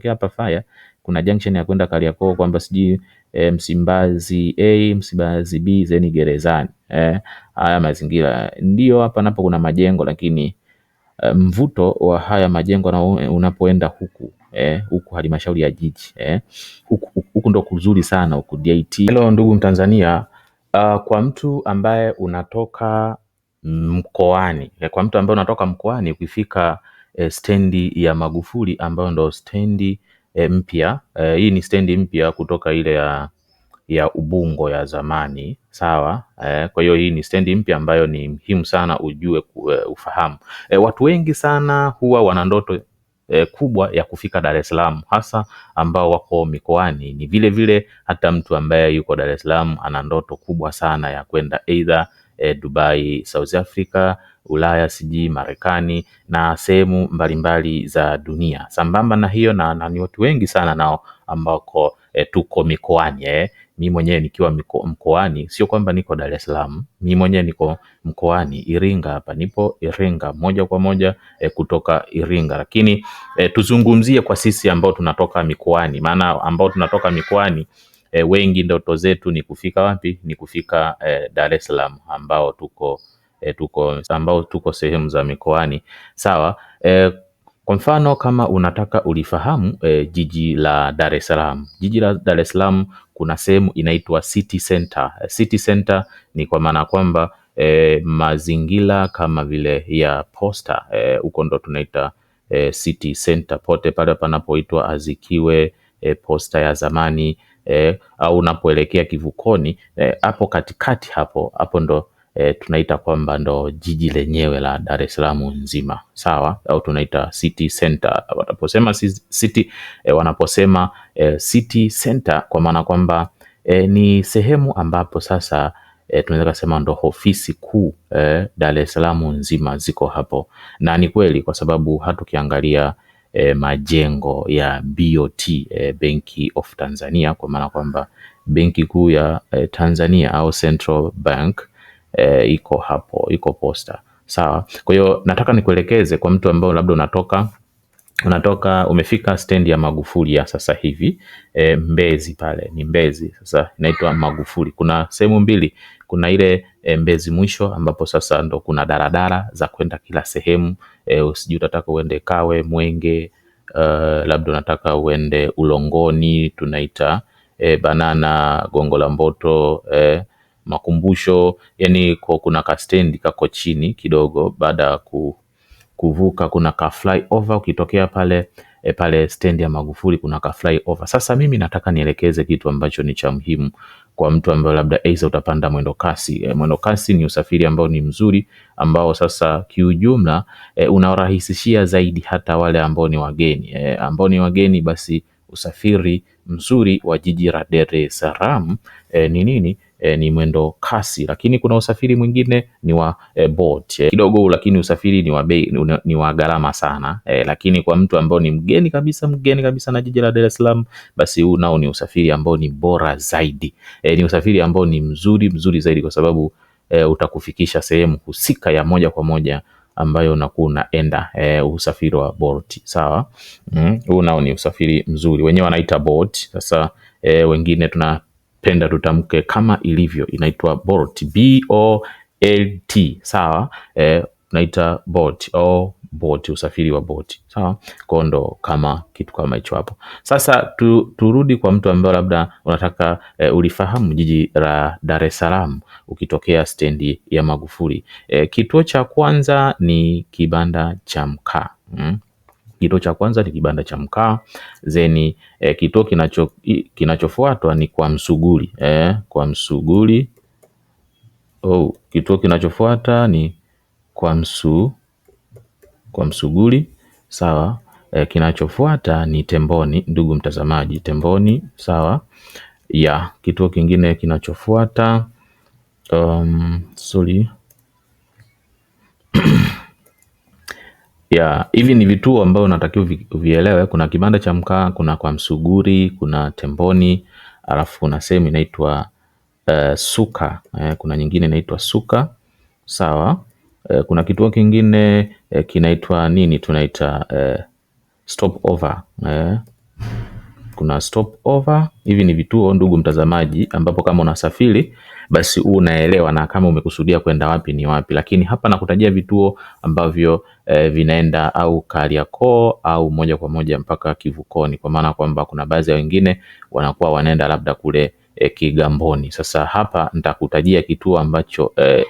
ukitokea hapa Faya kuna junction ya kwenda Kariakoo kwamba sijui e, Msimbazi A, Msimbazi B zeni gerezani. Eh, haya mazingira ndio hapa napo kuna majengo lakini eh, mvuto wa haya majengo na unapoenda huku eh, huku halmashauri ya jiji eh, huku, huku ndo kuzuri sana huku DIT. Hello ndugu Mtanzania, uh, kwa mtu ambaye unatoka mkoani, kwa mtu ambaye unatoka mkoani ukifika e, stendi ya Magufuli ambayo ndo stendi e, mpya e, hii ni stendi mpya kutoka ile ya ya Ubungo ya zamani sawa. Eh, kwa hiyo hii ni stendi mpya ambayo ni muhimu sana ujue ku, ufahamu Eh, watu wengi sana huwa wana ndoto eh, kubwa ya kufika Dar es Salaam hasa ambao wako mikoani. Ni vile vile hata mtu ambaye yuko Dar es Salaam ana ndoto kubwa sana ya kwenda either e, Dubai, South Africa, Ulaya, sijui Marekani na sehemu mbalimbali za dunia. Sambamba na hiyo na, na ni watu wengi sana nao ambako e, tuko mikoani eh. Mi mwenyewe nikiwa mkoani, sio kwamba niko Dar es Salaam, mi mwenyewe niko mkoani Iringa hapa, nipo Iringa moja kwa moja e, kutoka Iringa, lakini e, tuzungumzie kwa sisi ambao tunatoka mikoani, maana ambao tunatoka mikoani e, wengi ndoto zetu ni kufika wapi? Ni kufika e, Dar es Salaam ambao tuko e, tuko ambao tuko sehemu za mikoani sawa. E, kwa mfano kama unataka ulifahamu e, jiji la Dar es Salaam, jiji la Dar es Salaam kuna sehemu inaitwa City Center. City Center ni kwa maana kwamba e, mazingira kama vile ya posta huko e, ndo tunaita e, City Center, pote pale panapoitwa Azikiwe e, posta ya zamani eh, au unapoelekea kivukoni eh, hapo eh, katikati hapo hapo ndo eh, tunaita kwamba ndo jiji lenyewe la Dar es Salaam nzima, sawa, au tunaita city center. Wanaposema city eh, wanaposema eh, city center kwa maana kwamba eh, ni sehemu ambapo sasa E, tunaweza kusema ndo ofisi kuu e, Dar es Salaam nzima ziko hapo, na ni kweli kwa sababu hatukiangalia e, majengo ya BOT e, eh, Benki of Tanzania, kwa maana kwamba benki kuu ya e, Tanzania au Central Bank e, iko hapo, iko Posta. Sawa. Kwa hiyo nataka nikuelekeze kwa mtu ambaye labda unatoka unatoka umefika stendi ya Magufuli ya sasa hivi e, Mbezi pale ni Mbezi sasa inaitwa Magufuli. Kuna sehemu mbili kuna ile e, Mbezi mwisho ambapo sasa ndo kuna daladala za kwenda kila sehemu e, eh, usijui unataka uende Kawe, Mwenge uh, labda unataka uende Ulongoni tunaita e, Banana, Gongo la Mboto e, Makumbusho. Yani kwa kuna kastendi kako chini kidogo, baada ya ku, kuvuka kuna ka flyover ukitokea pale E, pale stendi ya Magufuli kuna ka flyover. Sasa mimi nataka nielekeze kitu ambacho ni cha muhimu kwa mtu ambaye labda aidha utapanda mwendo kasi. E, mwendo kasi ni usafiri ambao ni mzuri ambao sasa kiujumla e, unawarahisishia zaidi hata wale ambao ni wageni e, ambao ni wageni basi usafiri mzuri wa jiji la Dar es Salaam e, ni nini? e, ni mwendo kasi, lakini kuna usafiri mwingine ni wa e, boat e, kidogo, lakini usafiri ni wa bei, ni wa gharama sana e, lakini kwa mtu ambao ni mgeni kabisa mgeni kabisa na jiji la Dar es Salaam, basi huu nao ni usafiri ambao ni bora zaidi e, ni usafiri ambao ni mzuri mzuri zaidi kwa sababu e, utakufikisha sehemu husika ya moja kwa moja ambayo unakuwa unaenda e, usafiri wa bolt sawa. Mm, huu nao ni usafiri mzuri, wenyewe wanaita bolt. Sasa e, wengine tuna penda tutamke kama ilivyo, inaitwa Bolt, B O L T, sawa eh, naita Bolt au Bolt, usafiri wa Bolt, sawa ndo kama kitu kama hicho hapo. Sasa tu, turudi kwa mtu ambaye labda unataka eh, ulifahamu jiji la Dar es Salaam ukitokea stendi ya Magufuli eh, kituo cha kwanza ni kibanda cha mkaa mm. Kituo cha kwanza ni kibanda cha mkaa, then e, eh, kituo kinacho kinachofuatwa ni kwa msuguli e, kwa msuguli oh, kituo kinachofuata ni kwa msu kwa msuguli sawa. e, kinachofuata ni Temboni, ndugu mtazamaji, Temboni sawa ya Kituo kingine kinachofuata um, sorry Yeah, hivi ni vituo ambavyo unatakiwa vielewe Kuna kibanda cha mkaa, kuna kwa Msuguri, kuna Temboni, alafu kuna sehemu inaitwa uh, Suka eh, kuna nyingine inaitwa Suka, sawa. Eh, kuna kituo kingine eh, kinaitwa nini, tunaita eh, stop over eh, kuna stop over. Hivi ni vituo ndugu mtazamaji, ambapo kama unasafiri basi huu unaelewa, na kama umekusudia kwenda wapi ni wapi. Lakini hapa nakutajia vituo ambavyo e, vinaenda au Kariakoo au moja kwa moja mpaka kivukoni, kwa maana kwamba kuna baadhi ya wengine wanakuwa wanaenda labda kule e, Kigamboni. Sasa hapa nitakutajia kituo ambacho e,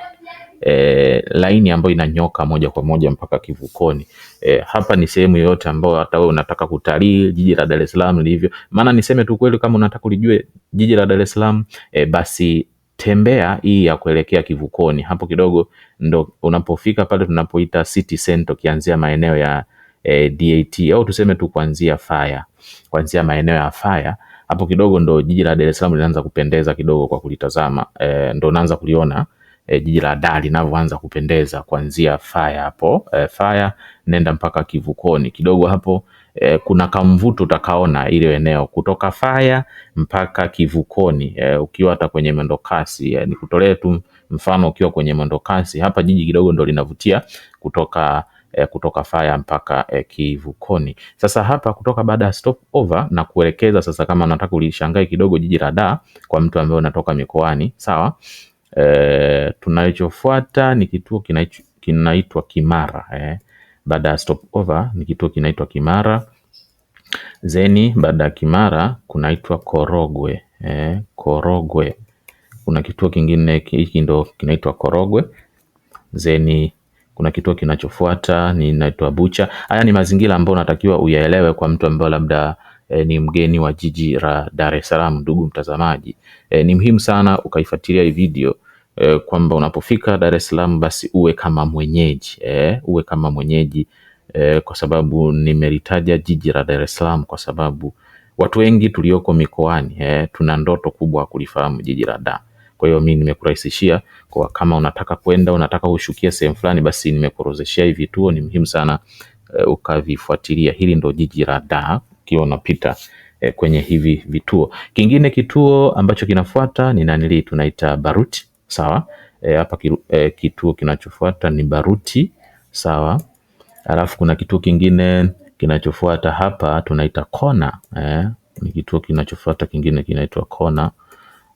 E, laini ambayo inanyoka moja kwa moja mpaka kivukoni. E, hapa ni sehemu yoyote ambayo hata wewe unataka kutalii jiji la Dar es Salaam lilivyo. Maana niseme tu kweli, kama unataka ulijue jiji la Dar es Salaam e, basi tembea hii ya kuelekea kivukoni hapo kidogo ndo unapofika pale tunapoita city center, ukianzia maeneo ya e, eh, DAT au tuseme tu kuanzia fire, kuanzia maeneo ya fire hapo kidogo ndo jiji la Dar es Salaam linaanza kupendeza kidogo kwa kulitazama e, ndo unaanza kuliona e, jiji la Dar linavyoanza kupendeza kuanzia fire hapo e, fire nenda mpaka kivukoni kidogo hapo eh, kuna kamvuto utakaona ile eneo kutoka faya mpaka kivukoni eh, ukiwa hata kwenye mwendokasi eh, ni kutolea tu mfano ukiwa kwenye mwendokasi hapa jiji kidogo ndo linavutia kutoka E, kutoka faya mpaka e, kivukoni. Sasa hapa kutoka baada ya stop over na kuelekeza sasa, kama nataka ulishangae kidogo jiji la Dar kwa mtu ambaye unatoka mikoani, sawa. E, tunachofuata ni kituo kinaitwa Kimara e. Baada ya stopover ni kituo kinaitwa Kimara. Zeni baada ya Kimara kunaitwa Korogwe. Eh, Korogwe kuna kituo kingine hiki ndo kinaitwa Korogwe. Zeni kuna kituo kinachofuata ni naitwa Bucha. Haya ni mazingira ambayo unatakiwa uyaelewe kwa mtu ambaye labda E, ni mgeni wa jiji la Dar es Salaam. Ndugu mtazamaji, e, ni muhimu sana ukaifuatilia hii video e, kwamba unapofika Dar es Salaam basi uwe kama mwenyeji e, uwe kama mwenyeji e, kwa sababu nimelitaja jiji la Dar es Salaam kwa sababu watu wengi tulioko mikoani e, tuna ndoto kubwa kulifahamu jiji la Dar. Kwa hiyo mimi nimekurahisishia kwa kama unataka kwenda, unataka ushukie sehemu fulani, basi nimekurozeshea hivi tu, ni muhimu sana e, ukavifuatilia. Hili ndo jiji la Dar ukiwa unapita kwenye hivi vituo. Kingine kituo ambacho kinafuata ni nanili, tunaita Baruti sawa. E, hapa e, kituo kinachofuata ni Baruti, sawa. Alafu kuna kituo kingine kinachofuata hapa tunaita Kona eh, ni kituo kinachofuata kingine kinaitwa Kona,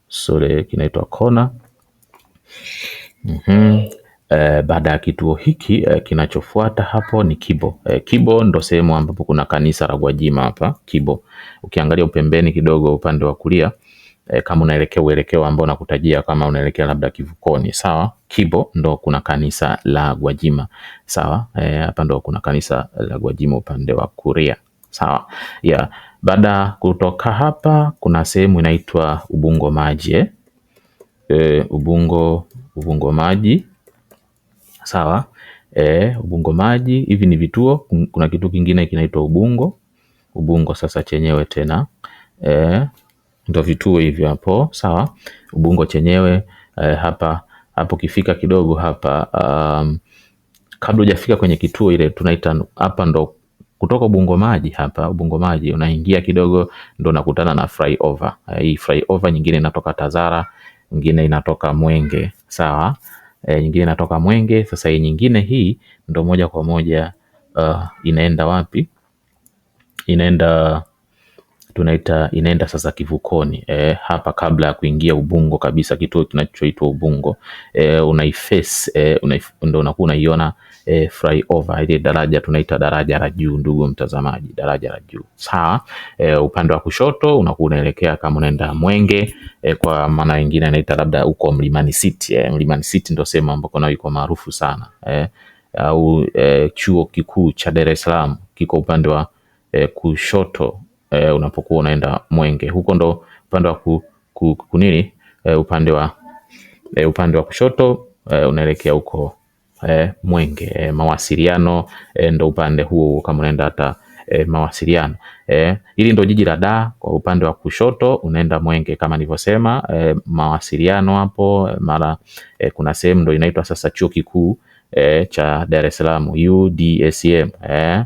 sorry, kinaitwa Kona. mm -hmm. E, baada ya kituo hiki e, kinachofuata hapo ni Kibo. E, Kibo ndo sehemu ambapo kuna kanisa la Gwajima hapa Kibo. Ukiangalia upembeni kidogo upande wa kulia e, kama unaelekea uelekeo ambao nakutajia, kama unaelekea labda kivukoni, sawa, Kibo ndo kuna kanisa la Gwajima, sawa, eh, hapa e, ndo kuna kanisa la Gwajima upande wa kuria, sawa ya yeah. Baada kutoka hapa kuna sehemu inaitwa Ubungo Maji E, Ubungo Ubungo Maji sawa e, Ubungo Maji. Hivi ni vituo, kuna kitu kingine kinaitwa Ubungo Ubungo. Sasa chenyewe tena e, ndio vituo hivyo hapo, sawa. Ubungo chenyewe eh, hapa hapo kifika kidogo hapa um, kabla hujafika kwenye kituo ile tunaita hapa ndo kutoka Ubungo maji hapa Ubungo maji unaingia kidogo ndo unakutana na flyover. Eh, hii flyover nyingine inatoka Tazara, nyingine inatoka Mwenge, sawa e, nyingine inatoka Mwenge. Sasa hii nyingine hii ndo moja kwa moja uh, inaenda wapi? Inaenda tunaita inaenda sasa kivukoni eh, hapa kabla ya kuingia Ubungo kabisa, kituo kinachoitwa Ubungo eh, unaiface e, eh, unaif, ndio unakuwa unaiona e, flyover ile daraja tunaita daraja la juu, ndugu mtazamaji, daraja la juu sawa. Eh, upande wa kushoto unakuwa unaelekea kama unaenda Mwenge eh, kwa maana nyingine inaita labda huko Mlimani City eh, Mlimani City ndio sehemu ambako nayo iko maarufu sana eh, au eh, chuo kikuu cha Dar es Salaam kiko upande wa eh, kushoto e, unapokuwa unaenda Mwenge. Huko ndo upande wa ku, ku, kunini e, eh, upande wa e, upande wa kushoto e, unaelekea huko e, Mwenge e, mawasiliano e, ndo upande huo kama unaenda hata E, mawasiliano e, hili ndo jiji la Dar. Kwa upande wa kushoto unaenda Mwenge kama nilivyosema, e, mawasiliano hapo mara e, kuna sehemu ndo inaitwa sasa chuo kikuu e, cha Dar es Salaam UDSM eh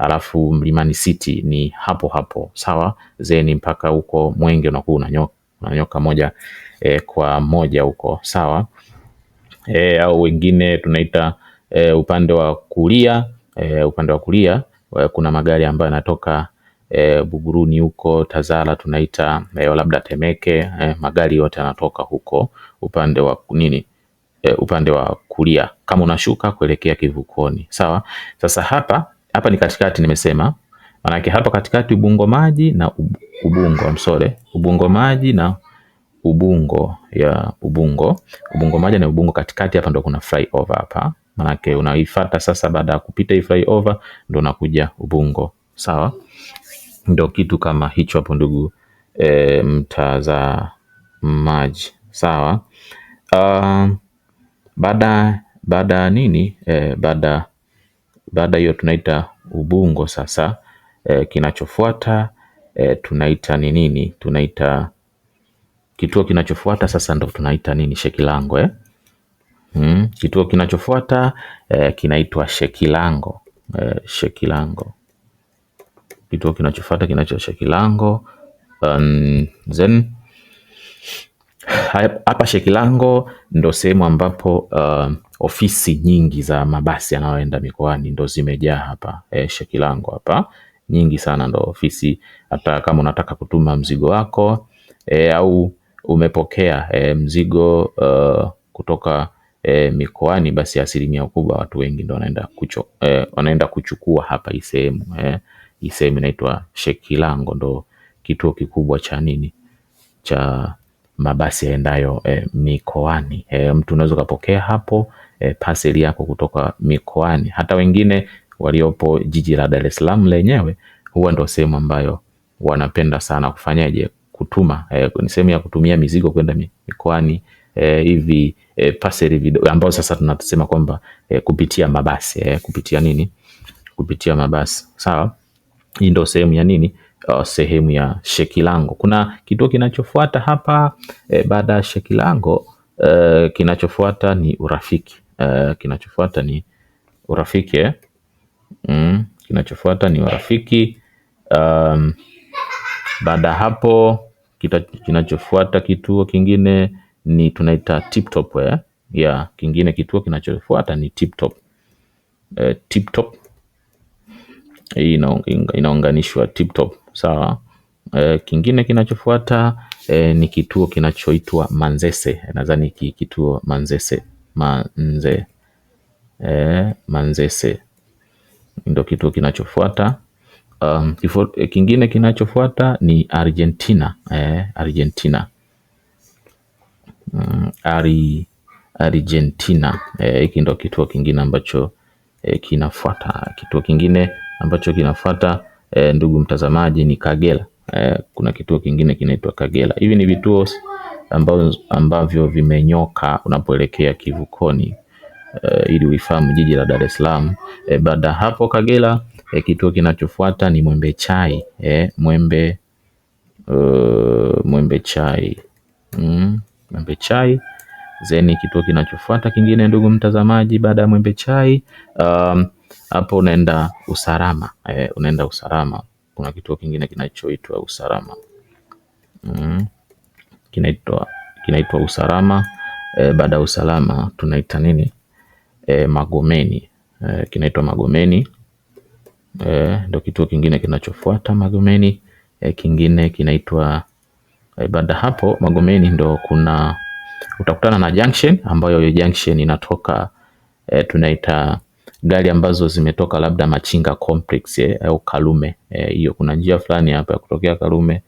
alafu Mlimani City ni hapo hapo sawa, zeni mpaka huko Mwenge unakuwa unanyoka, unanyoka moja e, kwa moja huko sawa e, au wengine tunaita e, upande wa kulia e, upande wa kulia kuna magari ambayo yanatoka e, Buguruni huko Tazara tunaita e, labda Temeke e, magari yote yanatoka huko upande wa nini e, upande wa kulia kama unashuka kuelekea kivukoni sawa. Sasa hapa hapa ni katikati nimesema, manake hapa katikati Ubungo maji na Ubungo, I'm sorry, Ubungo maji na Ubungo ya Ubungo, Ubungo maji na Ubungo katikati hapa ndo kuna flyover hapa, manake unaifuata sasa. Baada ya kupita hii flyover ndo unakuja Ubungo, sawa? Ndo kitu kama hicho hapo, ndugu e, eh, maji sawa? Uh, baada baada nini e, baada baada hiyo tunaita ubungo sasa. E, kinachofuata e, tunaita ni nini? Tunaita kituo kinachofuata sasa ndo tunaita nini? Shekilango eh? Hmm. Kituo kinachofuata e, kinaitwa shekilango e, shekilango kituo kinachofuata kinaitwa shekilango. Um, then hapa shekilango ndo sehemu ambapo uh, ofisi nyingi za mabasi yanayoenda mikoani ndo zimejaa hapa eh, Shekilango hapa nyingi sana ndo ofisi. Hata kama unataka kutuma mzigo wako eh, au umepokea eh, mzigo uh, kutoka e, mikoani, basi asilimia kubwa watu wengi ndo wanaenda kucho, e, wanaenda kuchukua hapa hii sehemu eh, hii sehemu inaitwa Shekilango ndo kituo kikubwa cha nini cha mabasi yaendayo e, mikoani e, mtu unaweza ukapokea hapo e, paseli yako kutoka mikoani. Hata wengine waliopo jiji la Dar es Salaam lenyewe huwa ndo sehemu ambayo wanapenda sana kufanyaje kutuma e, ni sehemu ya kutumia mizigo kwenda mikoani e, hivi e, paseli ambao sasa tunasema kwamba e, kupitia mabasi e, kupitia nini kupitia mabasi sawa. Hii ndo sehemu ya nini uh, sehemu ya Shekilango. Kuna kituo kinachofuata hapa e, baada ya Shekilango e, kinachofuata ni Urafiki uh, kinachofuata ni urafiki eh? Mm, kinachofuata ni urafiki um, baada ya hapo kita, kinachofuata kituo kingine ni tunaita tip top eh? Yeah, kingine kituo kinachofuata ni tip top uh, eh, tip top hii inaunganishwa tip top sawa. Uh, kingine kinachofuata uh, ni kituo kinachoitwa Manzese, nadhani kituo Manzese manze e, eh, manzese ndo kitu kinachofuata. Um, kifo, eh, kingine kinachofuata ni Argentina e, Argentina um, ari, Argentina hiki e, ndo kituo kingine ambacho e, kinafuata. Kituo kingine ambacho kinafuata e, ndugu mtazamaji ni Kagera e, kuna kituo kingine kinaitwa Kagera. Hivi ni vituo ambavyo vimenyoka unapoelekea kivukoni uh, ili uifahamu jiji la Dar es Salaam. E, baada ya hapo Kagera, e, kituo kinachofuata ni Mwembe Chai e, Mwembe uh, Mwembe Chai mm, Mwembe Chai zeni kituo kinachofuata kingine, ndugu mtazamaji, baada ya Mwembe Chai um, hapo um, unaenda Usalama e, unaenda Usalama kuna kituo kingine kinachoitwa Usalama mm kinaitwa kinaitwa usalama e, baada ya usalama tunaita nini e, Magomeni e, kinaitwa Magomeni e, ndio kituo kingine kinachofuata Magomeni e, kingine kinaitwa e, baada hapo Magomeni ndo kuna utakutana na junction ambayo hiyo junction inatoka e, tunaita gari ambazo zimetoka labda Machinga complex e, au kalume e, hiyo e, kuna njia fulani hapa ya kutokea Karume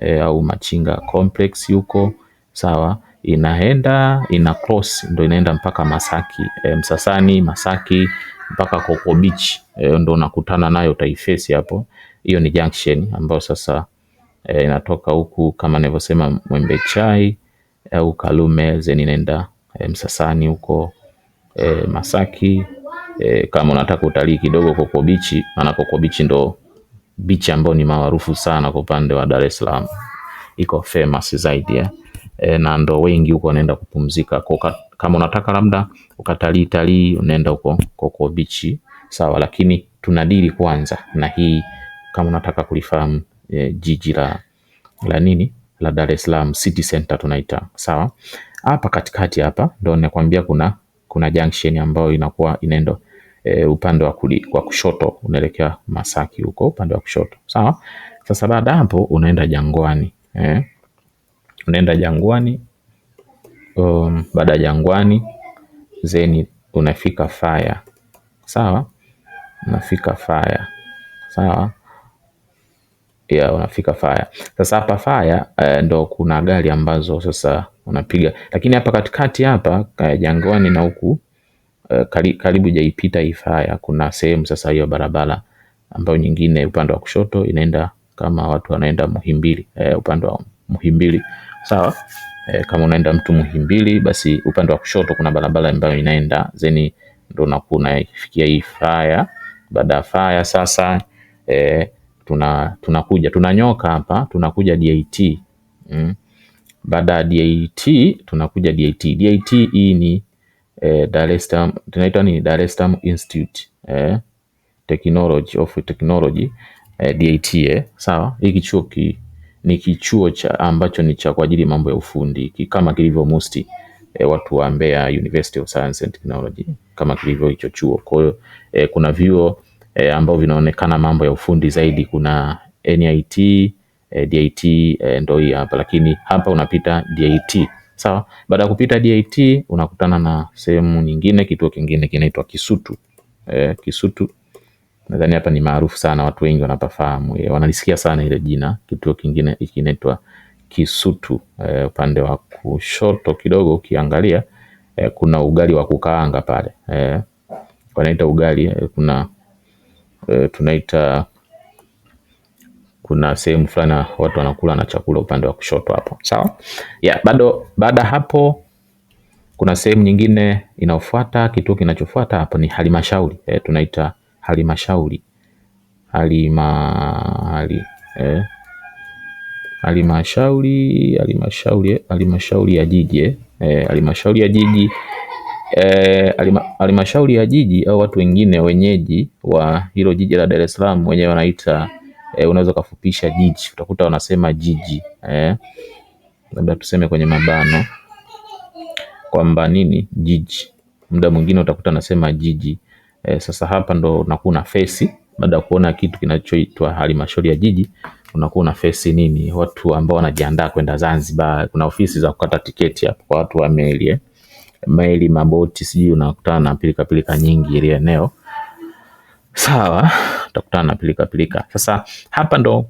e, au Machinga complex huko sawa, inaenda ina cross ndo inaenda mpaka Masaki e, Msasani Masaki mpaka Coco Beach e, eh, ndo unakutana nayo utaifesi hapo. Hiyo ni junction ambayo sasa e, inatoka huku kama nilivyosema Mwembe Chai au Kalume zeni inaenda e, Msasani huko e, Masaki e, kama unataka utalii kidogo Coco Beach, maana Coco Beach ndo beach ambayo ni maarufu sana kwa upande wa Dar es Salaam, iko famous zaidi ya eh? E, eh, na ndo wengi huko wanaenda kupumzika kwa, kama unataka labda ukatalii talii unaenda huko Koko Beach sawa, lakini tunadili kwanza na hii kama unataka kulifahamu e, jiji la la nini la Dar es Salaam City Center tunaita sawa. Hapa katikati hapa ndo nakwambia kuna kuna junction ambayo inakuwa inaenda e, upande wa kuli kwa kushoto unaelekea Masaki huko upande wa kushoto. Sawa? Sasa baada hapo unaenda Jangwani. Eh? Unaenda Jangwani. Um, baada ya Jangwani zeni unafika faya Sawa? Unafika faya Sawa? Ya, unafika Faya. Sasa hapa Faya eh, ndo kuna gari ambazo sasa unapiga, lakini hapa katikati hapa e, Jangwani na huku uh, karibu jaipita Ifaya, kuna sehemu sasa hiyo barabara ambayo nyingine upande wa kushoto inaenda kama watu wanaenda Muhimbili eh, upande wa Muhimbili sawa. Eh, kama unaenda mtu Muhimbili, basi upande wa kushoto kuna barabara ambayo inaenda zeni, ndio unakuwa unafikia Ifaya. Baada ya Ifaya sasa eh, tuna tunakuja tunanyoka hapa, tunakuja DIT mm. Baada ya DIT tunakuja DIT. DIT hii ni eh, Dar es Salaam tunaitwa ni Dar es Salaam Institute eh, Technology of Technology eh, DAT eh, sawa. Hiki chuo ki, ni kichuo cha ambacho ni cha kwa ajili mambo ya ufundi ki, kama kilivyo Musti eh, watu wa Mbeya University of Science and Technology kama kilivyo hicho chuo. Kwa hiyo eh, kuna vyuo eh, ambao vinaonekana mambo ya ufundi zaidi, kuna NIT eh, DIT eh, ndio hii hapa, lakini hapa unapita DIT Sawa, baada ya kupita DIT unakutana na sehemu nyingine, kituo kingine kinaitwa Kisutu. Eh, Kisutu nadhani hapa ni maarufu sana, watu wengi wanapafahamu, eh, wanalisikia sana ile jina. Kituo kingine kinaitwa Kisutu. Eh, upande wa kushoto kidogo ukiangalia, eh, kuna ugali wa kukaanga pale, eh, wanaita ugali, eh, kuna eh, tunaita kuna sehemu fulani watu wanakula na chakula upande wa kushoto hapo, sawa? Yeah, bado baada hapo kuna sehemu nyingine inayofuata. Kituo kinachofuata hapo ni halmashauri eh, tunaita halmashauri halima hali eh, halmashauri halmashauri halmashauri ya jiji eh, halmashauri ya jiji eh, eh, eh ya jiji au watu wengine wenyeji wa hilo jiji la Dar es Salaam wenyewe wanaita e, unaweza ukafupisha jiji, utakuta wanasema jiji e, labda tuseme kwenye mabano kwamba nini jiji, muda mwingine utakuta anasema jiji e. Sasa hapa ndo unakuwa na fesi baada ya kuona kitu kinachoitwa halmashauri ya jiji unakuwa na fesi nini, watu ambao wanajiandaa kwenda Zanzibar. Kuna ofisi za kukata tiketi hapo kwa watu wa meli eh, meli, maboti, sijui unakutana na pilika pilika nyingi ile eneo, sawa utakutana na pilika pilika. Sasa hapa ndo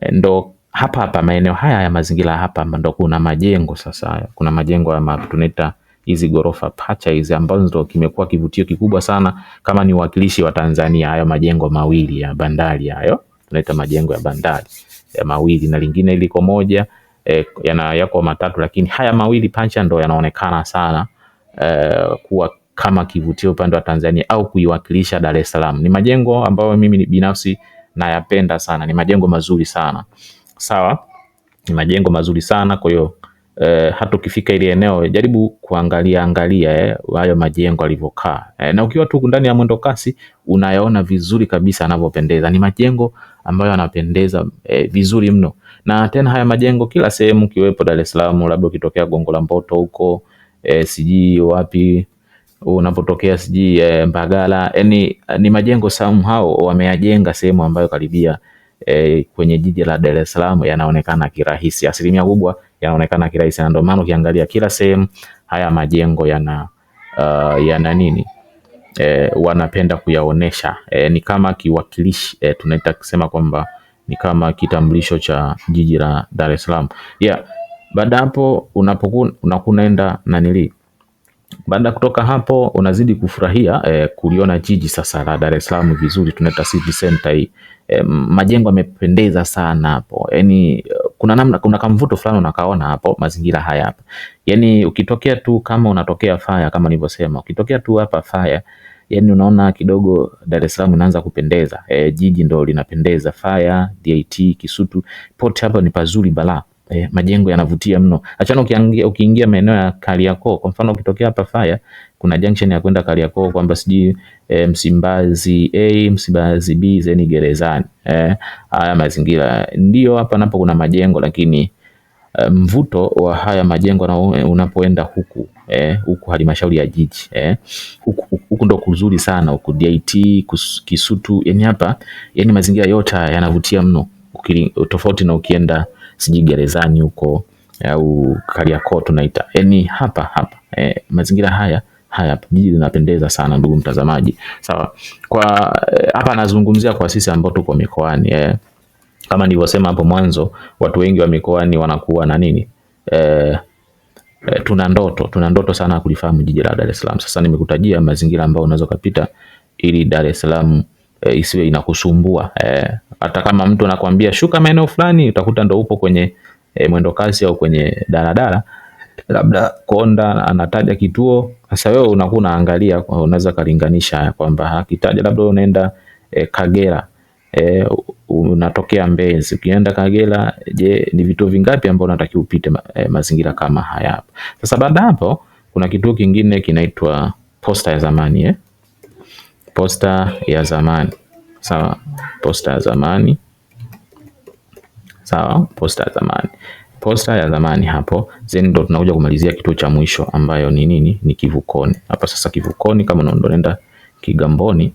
eh, ndo hapa hapa maeneo haya ya mazingira hapa hapa ndo kuna majengo sasa, kuna majengo ya tunaita hizi gorofa pacha hizi ambazo ndo kimekuwa kivutio kikubwa sana, kama ni uwakilishi wa Tanzania. Hayo majengo mawili ya bandari hayo tunaita majengo ya bandari ya mawili, na lingine liko moja e, yana yako matatu, lakini haya mawili pacha ndo yanaonekana sana e, kuwa kama kivutio upande wa Tanzania au kuiwakilisha Dar es Salaam. Ni majengo ambayo mimi ni binafsi nayapenda sana, ni majengo mazuri sana. Sawa, ni majengo mazuri sana. Kwa hiyo eh, hata ukifika ile eneo jaribu kuangalia angalia eh, hayo majengo alivyokaa eh, na ukiwa tu ndani ya mwendo kasi unayaona vizuri kabisa yanavyopendeza. Ni majengo ambayo yanapendeza eh, vizuri mno, na tena haya majengo kila sehemu, kiwepo Dar es Salaam, labda ukitokea Gongo la Mboto huko eh, sijui wapi unapotokea sijui e, Mbagala yani eh, ni majengo somehow wameyajenga sehemu ambayo karibia e, kwenye jiji la Dar es Salaam yanaonekana kirahisi, asilimia kubwa yanaonekana kirahisi, na ndio maana ukiangalia kila sehemu haya majengo yana uh, yana nini e, wanapenda kuyaonesha e, ni kama kiwakilishi e, tunaita kusema kwamba ni kama kitambulisho cha jiji la Dar es Salaam. Yeah, baada hapo unapokuwa unakunaenda nanili baada kutoka hapo unazidi kufurahia eh, kuliona jiji sasa la Dar es Salaam vizuri, tunaita city center hii eh, majengo yamependeza sana hapo, yani kuna namna, kuna kamvuto fulani unakaona hapo mazingira haya hapa, yaani ukitokea tu kama unatokea faya kama nilivyosema, ukitokea tu hapa faya yani unaona kidogo Dar es Salaam inaanza kupendeza e, jiji ndo linapendeza. Faya, DIT, Kisutu, pote hapa ni pazuri balaa eh, majengo yanavutia mno. Achana ukiingia maeneo ya Kariakoo, kwa mfano ukitokea hapa Faya, kuna junction ya kwenda Kariakoo kwamba sijui eh, Msimbazi A, Msimbazi B, zeni gerezani. Eh, haya mazingira ndio hapa napo kuna majengo lakini eh, mvuto wa haya majengo na unapoenda huku eh, huku halmashauri ya jiji eh, huku, huku ndo kuzuri sana huku DIT Kisutu, yani hapa yani mazingira yote yanavutia mno, tofauti na ukienda sijui gerezani huko au Kariakoo tunaita, yani hapa hapa e, mazingira haya haya jiji linapendeza sana ndugu mtazamaji, sawa. Kwa e, hapa anazungumzia kwa sisi ambao tuko mikoani e, kama nilivyosema hapo mwanzo, watu wengi wa mikoani wanakuwa na nini e, E, tuna ndoto tuna ndoto sana kulifahamu jiji la Dar es Salaam. Sasa nimekutajia mazingira ambayo unaweza kupita ili Dar es Salaam eh, isiwe inakusumbua eh. hata kama mtu anakwambia shuka maeneo fulani, utakuta ndo upo kwenye eh, mwendo kasi au kwenye daladala, labda konda anataja kituo. Sasa wewe unakuwa unaangalia, unaweza kalinganisha kwamba akitaja labda unaenda e, Kagera e, unatokea Mbezi, ukienda Kagera, je, ni vituo vingapi ambao unatakiwa upite ma, e, mazingira kama haya hapa? Sasa baada hapo kuna kituo kingine kinaitwa posta ya zamani eh? posta ya zamani sawa, posta ya zamani sawa, posta ya zamani, posta ya zamani hapo. Then ndo tunakuja kumalizia kituo cha mwisho ambayo ni nini? Ni kivukoni. Hapa sasa kivukoni, kama nenda Kigamboni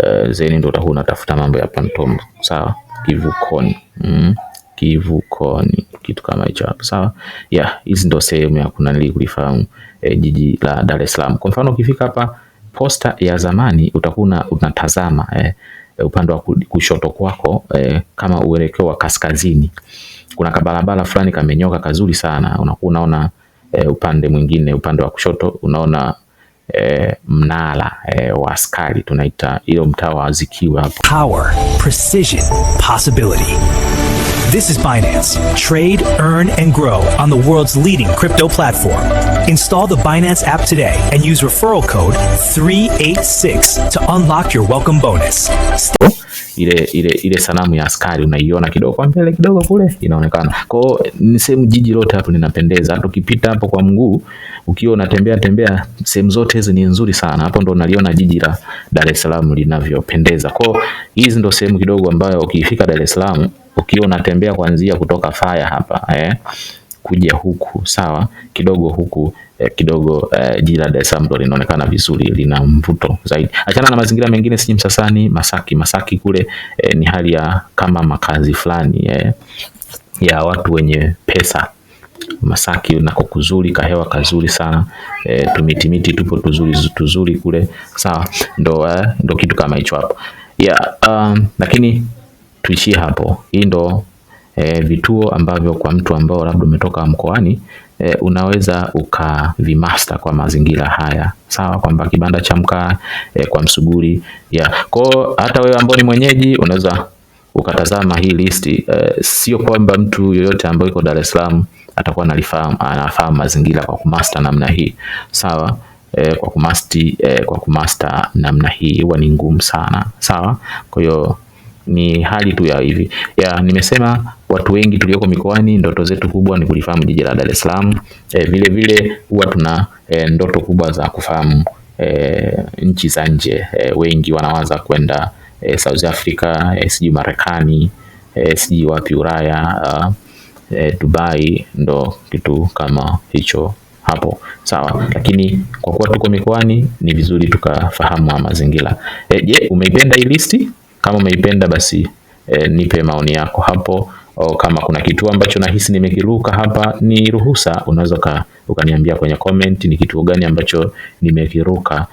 uh, then ndo utakuwa unatafuta mambo ya Pantombo sawa, kivukoni mm. Kivukoni, kitu kama hicho hapo sawa. Yeah, hizi ndo sehemu ya kunanili kulifahamu eh, jiji la Dar es Salaam. Kwa mfano ukifika hapa posta ya zamani utakuwa unatazama eh, eh, upande wa kushoto kwako eh, kama uelekeo wa kaskazini kuna kabarabara fulani kamenyoka kazuri sana, unakuwa unaona eh, upande mwingine, upande wa kushoto unaona eh, mnara eh, wa askari tunaita ilo mtaa wa Azikiwe hapo. Power, precision, possibility. This is Binance. Trade, earn, and grow on the world's leading crypto platform. Install the Binance app today and use referral code 386 to unlock your welcome bonus. Stay ile ile ile sanamu ya askari unaiona kidogo kwa mbele kidogo kule inaonekana. Kwa ni sehemu jiji lote hapo linapendeza. Hata ukipita hapo kwa mguu ukiwa unatembea tembea sehemu zote hizi ni nzuri sana. Hapo ndo unaliona jiji la Dar es Salaam linavyopendeza. Kwa hizi ndo sehemu kidogo ambayo ukifika Dar es Salaam ukiwa unatembea kuanzia kutoka faya hapa eh, kuja huku sawa kidogo huku eh, kidogo eh, jila la Dar es Salaam linaonekana vizuri, lina mvuto zaidi. Achana na mazingira mengine, si Msasani, Masaki. Masaki kule eh, ni hali ya kama makazi fulani eh, ya watu wenye pesa Masaki nako kuzuri, kahewa kazuri sana e, eh, tumitimiti tupo tuzuri tuzuri kule sawa, ndo eh, ndo kitu kama hicho hapo yeah, um, lakini tuishie hapo. Hii ndo e, vituo ambavyo kwa mtu ambao labda umetoka mkoani e, unaweza ukavimaster kwa mazingira haya, sawa, kwamba kibanda cha mkaa e, kwa msuguri ya kwao. Hata wewe ambao ni mwenyeji unaweza ukatazama hii listi e, sio kwamba mtu yoyote ambaye yuko Dar es Salaam atakuwa analifahamu anafahamu mazingira kwa kumaster namna hii sawa. E, kwa kumasti e, kwa kumasta namna hii huwa ni ngumu sana sawa, kwa hiyo ni hali tu ya hivi ya nimesema watu wengi tulioko mikoani ndoto zetu kubwa ni kulifahamu jiji la Dar es Salaam. E, vile vile huwa tuna e, ndoto kubwa za kufahamu e, nchi za nje. E, wengi wanawaza kwenda e, South Africa, e, sijui Marekani, e, sijui wapi Ulaya, e, Dubai, ndo kitu kama hicho hapo sawa, lakini kwa kuwa tuko mikoani ni vizuri tukafahamu mazingira. Je, umeipenda hii listi? Kama umeipenda basi e, nipe maoni yako hapo o, kama kuna kituo ambacho nahisi nimekiruka hapa ni ruhusa, unaweza ukaniambia kwenye comment ni kituo gani ambacho nimekiruka,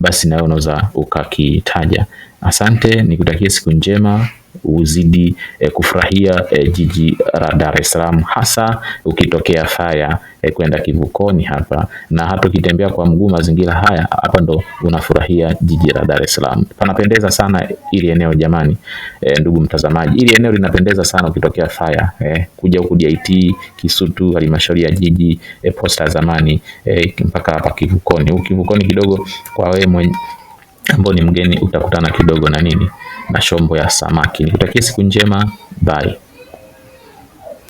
basi nawe unaweza ukakitaja. Asante, nikutakie siku njema uzidi eh, kufurahia eh, jiji la Dar es Salaam, hasa ukitokea Faya eh, kwenda Kivukoni hapa, na hata ukitembea kwa mguu mazingira haya hapa ndo unafurahia jiji la Dar es Salaam. Panapendeza sana ili eneo jamani, eh, ndugu mtazamaji, ili eneo linapendeza sana ukitokea Faya eh, kuja huku DIT Kisutu, halmashauri ya jiji eh, posta zamani eh, mpaka hapa Kivukoni. Ukivukoni kidogo kwa wewe mwenye ambao ni mgeni utakutana kidogo na nini na shombo ya samaki. Nikutakia siku njema, bye.